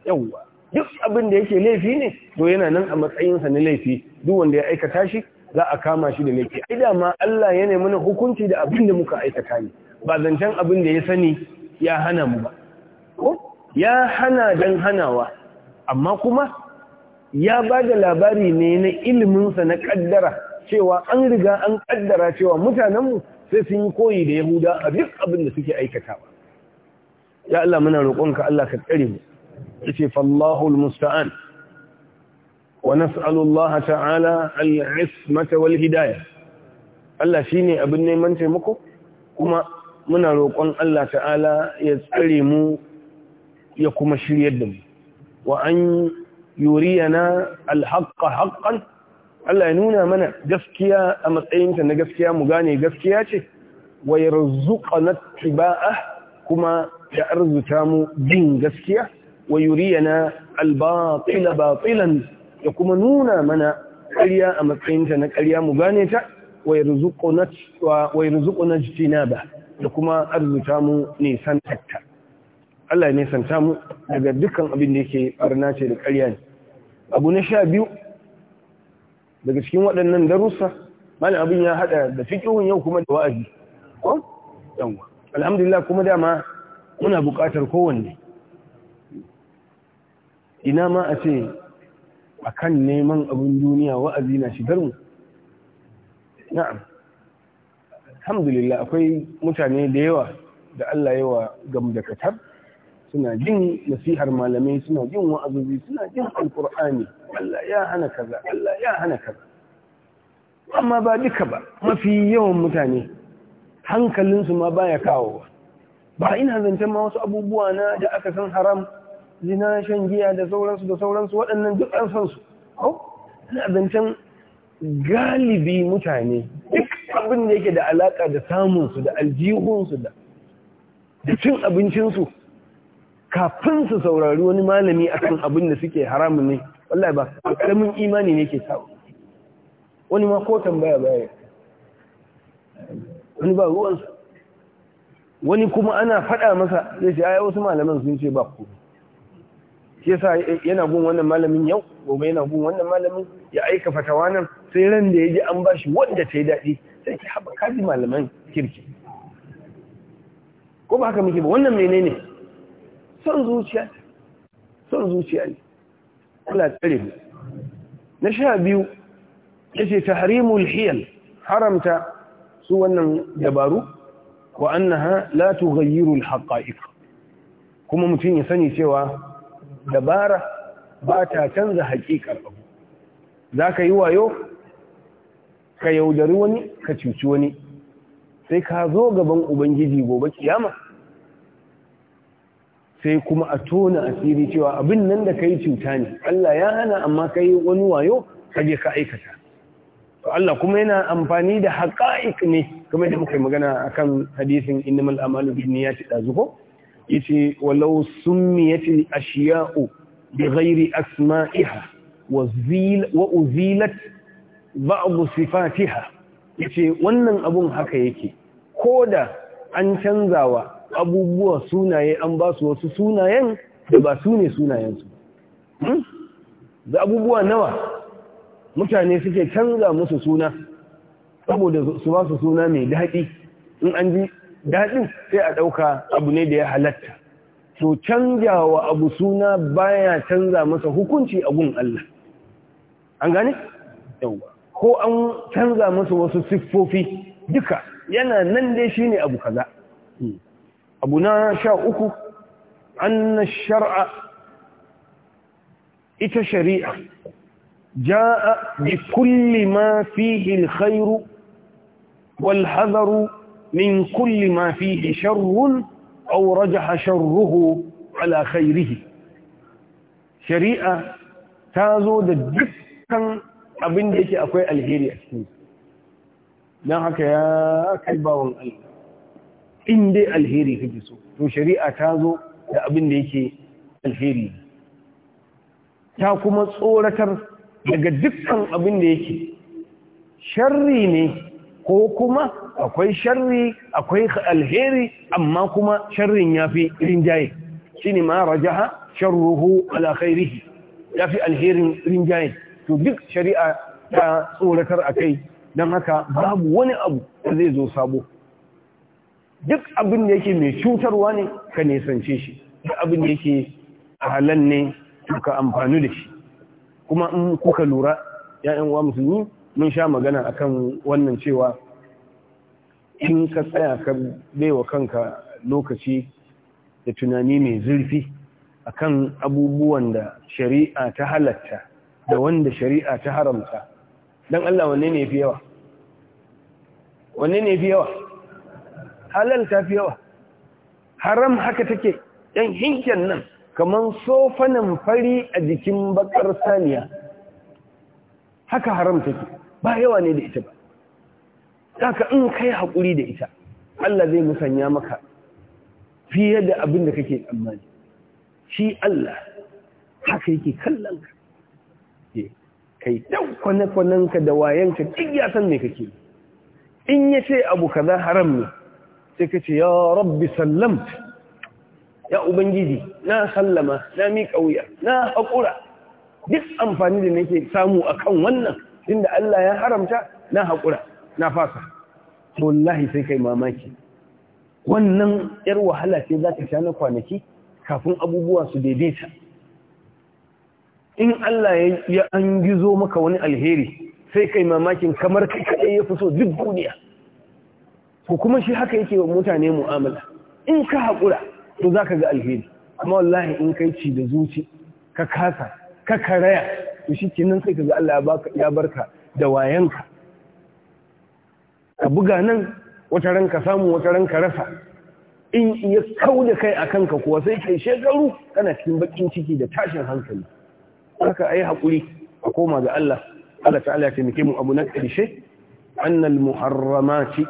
A: yawa duk abin da yake laifi ne to yana nan a matsayinsa na laifi duk wanda ya aikata shi za a kama shi da laifi ai ma Allah ya nemi mana hukunci da abin da muka aikata ne ba zancen abin da ya sani ya hana mu ba ya hana dan hanawa amma kuma ya ba da labari ne na iliminsa na kaddara cewa an riga an kaddara cewa mutanenmu sai sun yi koyi da yahuda a duk abin da suke ba. ya Allah muna roƙonka Allah ka tsare mu yace fallahu almusta'an wa nas'alu Allah ta'ala al-ismata wal hidayah Allah shine abin neman taimako kuma muna roƙon Allah ta'ala ya tsare mu ya kuma shiryar da mu wa an yuriyana alhaqqa haqqan Allah ya nuna mana gaskiya a matsayinta na gaskiya mu gane gaskiya ce wa yarzuqana tibaa kuma ya arzuta mu bin gaskiya wa yuriyana albatila batilan ya kuma nuna mana ƙarya a matsayinta na ƙarya mu gane ta wa yarzuquna wa yarzuquna ba. da kuma arzuta mu nisan tatta Allah ya nisanta mu daga dukkan abin da yake barna ce da ƙarya ne abu na sha biyu daga cikin waɗannan darussa malam abin ya haɗa da fiƙihun yau kuma da wa'azi ko Yawwa. alhamdulillah kuma dama muna buƙatar kowanne ina ma a ce a kan neman abin duniya wa'azi na shigar mu na'am alhamdulillah akwai mutane da yawa da Allah yawa gam da suna jin nasihar malamai suna jin wa'azuzi suna jin alkur'ani Allah ya hana kaza Allah ya hana kaza amma ba duka ba mafi yawan mutane hankalinsu ma baya kawo ba ina zancen ma wasu abubuwa na da aka san haram zina shan giya da sauransu da sauransu waɗannan duk an san su ina zancen galibi mutane abin da yake da alaka da samunsu da aljihunsu da cin abincinsu kafin su saurari wani malami akan abin da suke haramun ne wallahi ba karamin imani ne ke sa wani ma ko tambaya baya wani ba ruwansa wani kuma ana faɗa masa zai ce ai wasu malaman sun ce ba ku shi yasa yana gun wannan malamin yau gobe yana gun wannan malamin ya aika fatawa nan sai ran da ya ji an bashi wanda ta yi daɗi sai ki haɓa kaji malaman kirki ko ba haka muke ba wannan menene son zuciya son zuciya ne Allah tsare ne na sha biyu ya ce ta harimul hiyal haramta su wannan dabaru wa annaha la tughayyiru al-haqa'iq kuma mutum ya sani cewa dabara ba ta canza haƙiƙar abu ka yi wayo ka yaudari wani ka cuci wani sai ka zo gaban ubangiji gobe kiyama sai kuma a tona asiri cewa abin nan da ka yi cuta ne Allah ya hana amma ka yi wani wayo ka je ka aikata to Allah kuma yana amfani da haqa'iq ne kamar da muka magana akan hadisin innamal a'malu binniyati dazuko yace walau summiyati ashiya'u بغير Asma'iha, wa uzilat. ba'd sifatiha yace wannan abun haka yake koda an canzawa abubuwa sunaye an ba su wasu sunayen da ba su ne sunayensu hmm? da abubuwa nawa mutane suke canza musu suna saboda su ba su suna mai daɗi in an ji daɗin sai a ɗauka abu ne da ya halatta to canjawa abu suna baya canza masa hukunci a gun Allah an gane? yawa ko an canza masa wasu siffofi duka yana nan dai shine abu kaza abu na sha uku anna shar'a ita shari'a bi جاء بكل ما فيه الخير والحذر من كل ما فيه شر أو رجح شره على خيره شريعة da dukkan abin da yake akwai alheri a cikin don haka ya kai bawan Allah in dai alheri kake so to shari'a ta zo da abin da yake alheri ta kuma tsoratar daga dukkan abin da yake sharri ne ko kuma akwai sharri akwai alheri amma kuma sharrin yafi rinjaye shine ma rajaha sharruhu ala khairihi fi alherin rinjaye to duk shari'a ta tsoratar a kai don haka babu wani abu da zai zo sabo duk abin da yake mai cutarwa ne ka nesance shi duk abin da yake a ne, ne ka amfani da shi kuma in kuka lura ya'yan wa musulmi mun sha magana akan wannan cewa in ka tsaya ka baiwa kanka lokaci da tunani mai zurfi akan abubuwan da shari'a ta halatta da wanda shari'a ta haramta don Allah wanne ne fi yawa wanne ne fi yawa halal ta fi yawa haram haka take ɗan hinken nan kamar sofanin fari a jikin bakar saniya haka haram take ba yawa ne da ita ba haka in kai hakuri da ita Allah zai musanya maka fiye da abin da kake tsammani shi Allah haka yake kallon ka kai dan kwane-kwanenka da wayanka duk ya san me kake in ya ce abu kaza haram ne sai ka ce ya rabbi sallamt ya ubangiji na sallama na miƙa wuya na haƙura duk amfani da nake samu akan wannan inda Allah ya haramta na haƙura na fasa wallahi sai kai mamaki wannan yar wahala sai za ta sha na kwanaki kafin abubuwa su daidaita in Allah ya an gizo maka wani alheri sai kai mamakin kamar kai kaɗai ya fi so duk duniya ko kuma shi haka yake wa mutane mu'amala in ka haƙura to za ka ga alheri amma wallahi in kai ci da zuci ka kasa ka karaya to shi kenan sai ka ga Allah ya barka da wayanka ka buga nan wata ran ka samu wata ran rasa in ya kau da kai a kanka kuwa sai kai shekaru kana cikin bakin ciki da tashin hankali haka yi hakuri a koma ga Allah Allah ta'ala ya taimake mu abu na ƙarshe annal muharramati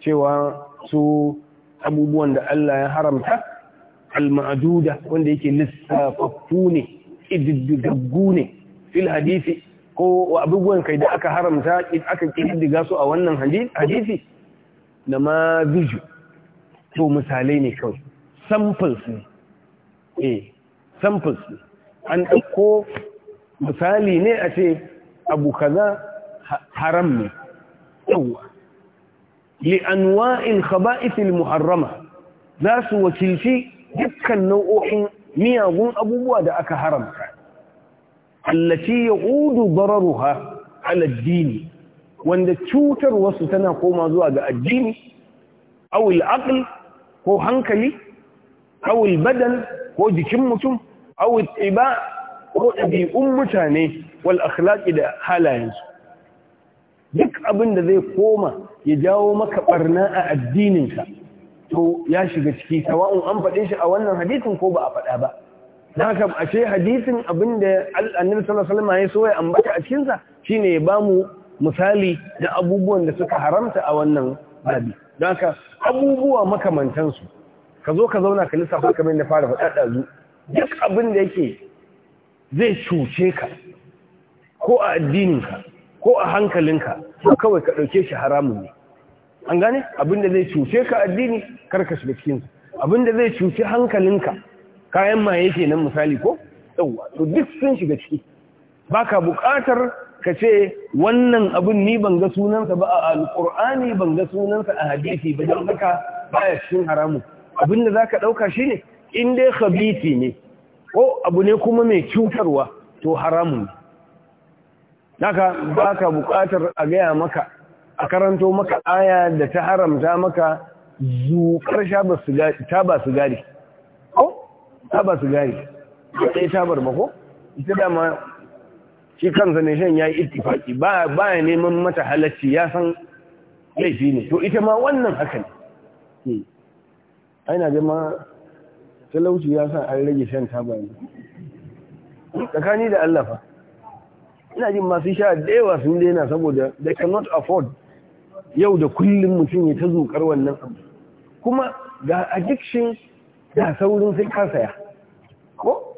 A: cewa su abubuwan da Allah ya haramta al-ma'duda wanda yake lissafaffu ne ne fil hadisi ko abubuwan kai da aka haramta aka kiddiga su a wannan hadisi na ma biju to misalai ne kawai samples ne eh samples an ɗauko misali ne a ce abu kaza haram ne yawwa li'anwa'in khaba'ithil muharrama za su wakilci dukkan nau'o'in miyagun abubuwa da aka haramta allati yaqudu dararuha ala ad-din wanda cutar wasu tana koma zuwa ga addini aw al-aql ko hankali aw al-badan ko jikin mutum aw iba ko ɗabi'un mutane wal akhlaqi da halayensu duk abin da zai koma ya jawo maka barna a addininka to ya shiga ciki sawa'un an faɗe shi a wannan hadisin ko ba a faɗa ba dan haka a ce hadisin abin da annabi sallallahu alaihi ya so ya ambata a cikinsa, shine ya bamu misali da abubuwan da suka haramta a wannan babi dan haka abubuwa makamantan ka zo ka zauna ka lissafa kamar da fara faɗa ɗazu duk abin da yake zai cuce ka ko a addininka ko a hankalinka ko kawai ka ɗauke shi haramun ne an gane abin da zai cuce ka addini karka shiga cikin abin da zai cuce hankalinka kayan maye ke nan misali ko yauwa to duk sun shiga ciki baka buƙatar ka ce wannan abin ni ban ga sunansa ba a alƙur'ani ban ga sunansa a hadisi ba don haka baya cikin haramun abin da zaka ɗauka shine in dai khabisi ne ko abu ne kuma mai cutarwa to haramun naka baka buƙatar a gaya maka a karanto maka aya da ta haramta maka ba taba sigari ko taba sigari sai tabar bar mako. ita dama shi kansa ne shan yayi ittifaki ba ba neman mata halacci ya san laifi ne to ita ma wannan haka ne hmm. aina ga ma talauci ya sa an rage shan taba ne tsakani da Allah ina jin masu sha da yawa sun daina saboda they cannot afford yau da kullum mutum ya ta zukar wannan abu kuma ga addiction da saurin sai ka saya ko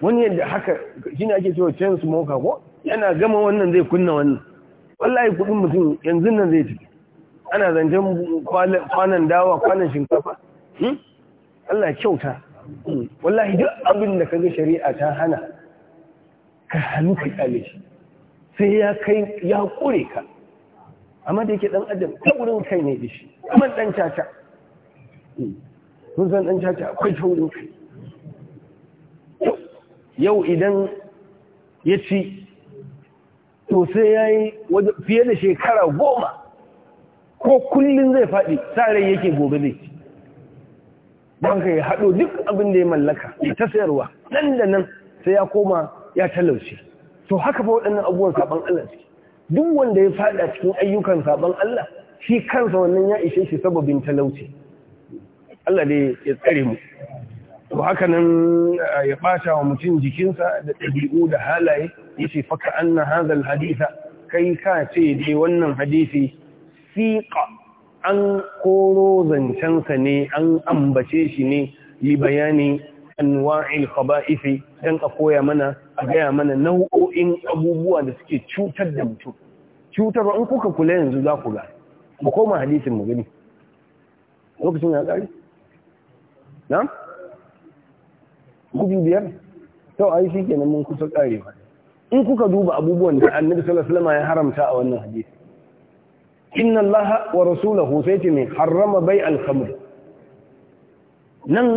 A: wani yadda haka shine ake cewa chain smoker ko yana gama wannan zai kunna wannan wallahi kudin mutum yanzu nan zai tafi ana zancen kwanan dawa kwanan shinkafa hmm? Allah kyauta wallahi duk abin da kaga shari'a ta hana ka hannu ka kyale shi sai ya kai ya kure ka amma da yake dan adam ta wurin kai ne dishi kuma dan caca kun san dan caca akwai ta wurin kai yau idan ya ci to sai ya yi fiye da shekara goma ko kullum zai faɗi sa rai yake gobe zai ci don ya haɗo duk abin da ya mallaka ya ta sayarwa nan da nan sai ya koma ya talauce to haka fa waɗannan abubuwan saban Allah suke duk wanda ya faɗa cikin ayyukan saban Allah shi kansa wannan ya ishe shi sababin talauci Allah dai ya tsare mu to haka nan ya ɓata wa mutum jikinsa da ɗabi'u da halaye ya ce faka an na hadal haditha kai ka ce dai wannan hadisi siƙa an koro zancensa ne an ambace shi ne li bayani anwa'il khaba'isi dan ka koya mana a gaya mana nau'o'in abubuwa da suke cutar da mutum cutar in kuka kula yanzu za ku ga Ku koma hadisin mu gani lokacin ya kare na gubi biyar to ai shi kenan mun kusa kare in kuka duba abubuwan da annabi sallallahu alaihi wasallam ya haramta a wannan hadisi inna allaha wa rasulahu sai ce mai harrama bai alhamdu nan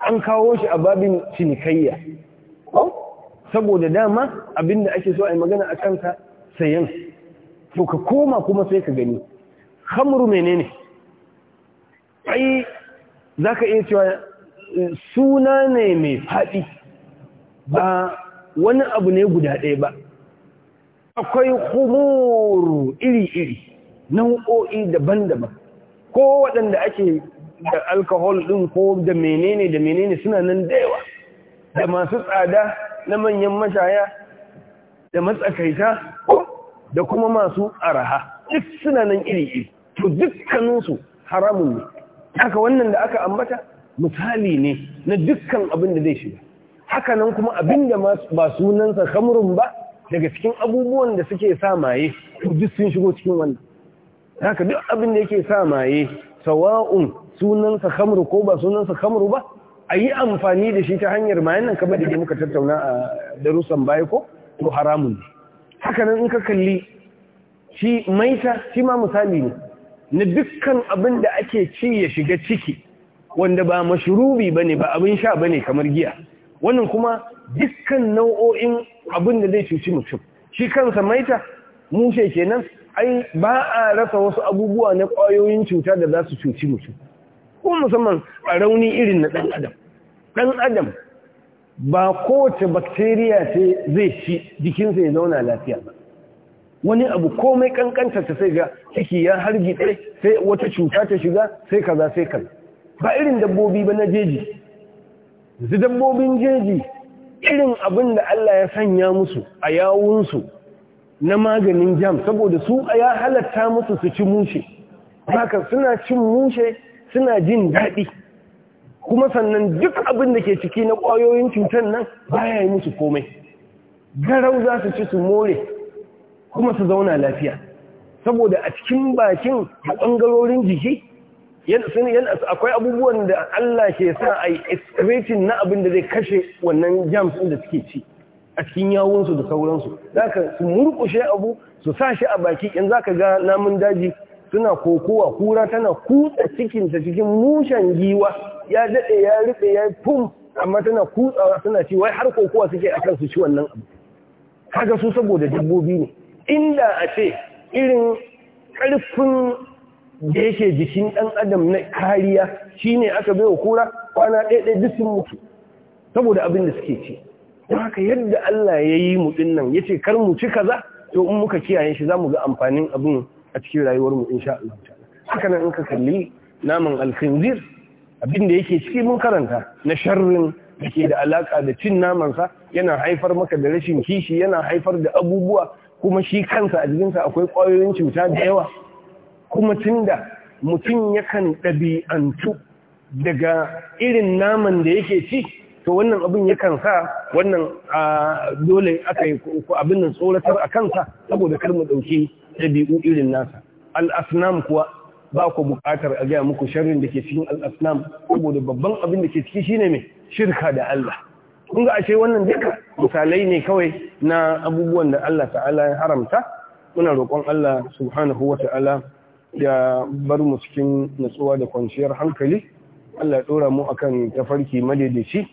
A: an kawo shi a babin cinikayya saboda dama abinda ake so a yi magana a kansa sayan to ka koma kuma sai ka gani khamru menene ai zaka iya cewa eh, suna ne mai faɗi ba wani abu ne guda ɗaya ba akwai khumur iri-iri nau'o'i daban-daban ko waɗanda ake da alkohol ɗin ko da menene da menene suna nan da yawa da masu tsada na manyan mashaya da matsakaita da kuma masu araha duk suna nan iri-iri to dukkaninsu haramun ne haka wannan da aka ambata misali ne na dukkan abin da zai shiga haka nan kuma abin da ba sunansa kamurin ba daga cikin abubuwan da suke sa maye to duk sun shigo cikin wannan haka duk abin da yake sa maye sawa'un sunansa khamru ko ba sunansa khamru ba a yi amfani da shi ta hanyar mayan nan kamar da ke muka tattauna a darussan baya ko to haramun ne haka nan in ka kalli shi maita shi ma misali ne na dukkan abin da ake ci ya shiga ciki wanda ba mashrubi bane ba abin sha bane kamar giya wannan kuma dukkan nau'o'in abin da zai cuci mutum shi kansa maita mushe kenan ai ba a rasa wasu abubuwa na ƙwayoyin cuta da za su cuci mutum ko musamman a rauni irin na ɗan adam ɗan adam ba kowace bakteriya ce zai ci jikinsa ya zauna lafiya ba wani abu komai ƙanƙanta ta sai ga ciki ya hargi ɗai sai wata cuta ta shiga sai kaza sai kaza ba irin dabbobi ba na jeji su dabbobin jeji irin abin da Allah ya sanya musu a yawunsu na maganin jam saboda su ya halatta musu su ci mushe haka suna cin mushe suna jin daɗi kuma sannan duk abin da ke ciki na ƙwayoyin cutar nan baya yi musu komai garau za su ci su more kuma su zauna lafiya saboda a cikin bakin a ɓangarorin jiki akwai abubuwan da Allah ke sa a yi na abin da zai kashe wannan jams da suke ci a cikin yawunsu da sauransu za ka su murkushe abu su sa shi a baki in za ka ga namun daji suna kokowa kura tana kutsa cikinta cikin mushen giwa ya daɗe ya rufe ya fum amma tana kutsawa suna ci wai har kokowa suke a kan su ci wannan abu kaga su saboda dabbobi ne inda a ce irin ƙarfin da yake jikin ɗan adam na kariya shine aka bai wa kura kwana ɗaya ɗaya duk sun mutu saboda abin da suke ci haka yadda Allah ya yi mu nan ya ce kar mu ci kaza to in muka kiyaye shi za mu ga amfanin abin a cikin rayuwar mu insha Allah haka nan in ka kalli naman alkhinzir abin da yake ciki mun karanta na sharrin da ke da alaka da cin naman sa yana haifar maka da rashin kishi yana haifar da abubuwa kuma shi kansa a jikinsa akwai kwayoyin cuta da yawa kuma tunda mutum yakan ɗabi'antu daga irin naman da yake ci to wannan abin yakan sa wannan dole aka yi abin nan tsoratar a kansa saboda kar mu ɗauki ɗabi'u irin nasa al'asnam kuwa ba ku buƙatar a gaya muku sharrin da ke cikin al'asnam saboda babban abin da ke ciki shine mai shirka da Allah kun ga ashe wannan duka misalai ne kawai na abubuwan da Allah ta'ala ya haramta muna roƙon Allah subhanahu wa ta'ala ya bar mu cikin natsuwa da kwanciyar hankali Allah ya ɗora mu akan tafarki madaidaici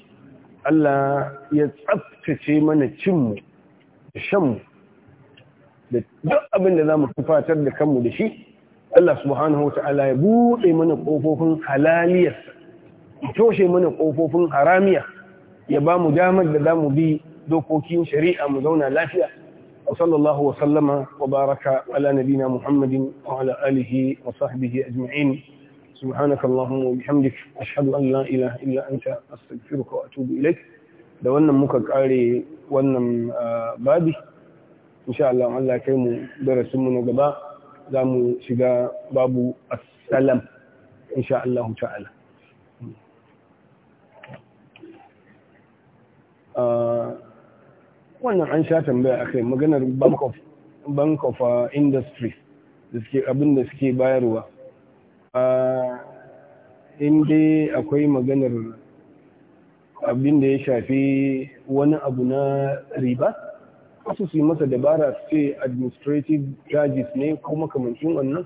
A: Allah ya tsaftace mana cinmu da shanmu da duk abin da za mu kufatar da kanmu da shi Allah subhanahu wa ta'ala ya buɗe mana ƙofofin halaliyar ya toshe mana ƙofofin haramiya ya ba mu damar da za mu bi dokokin shari'a mu zauna lafiya wa sallallahu wa sallama wa baraka ala nabina muhammadin wa ala alihi wa sahbihi ajma'in سبحانك اللهم وبحمدك أشهد أن لا إله إلا أنت أستغفرك وأتوب إليك da wannan muka kare wannan babi insha Allah Allah kai mu darasin mu na gaba za mu shiga babu assalam insha Allah ta'ala wannan an sha tambaya akai maganar bank of bank of industry da suke abin da suke bayarwa in dai akwai maganar abin da ya shafi wani abu na riba wasu su yi masa dabara su ce administrative charges ne ko makamancin wannan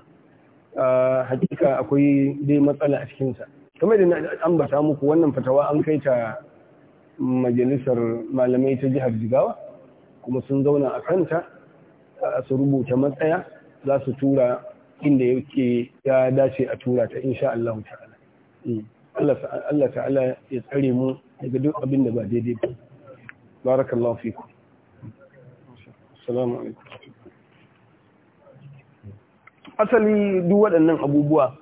A: hakika akwai dai matsala a cikinsa kamar da an bata muku wannan fatawa an kai ta majalisar malamai ta jihar jigawa kuma sun zauna a kanta su rubuta matsaya za su tura inda yake ya dace a tura ta insha Allah ta'ala hmm. Allah ta'ala ya tsare mu daga duk abin da ba daidai ba barakallahu fiku assalamu alaikum asali duk waɗannan abubuwa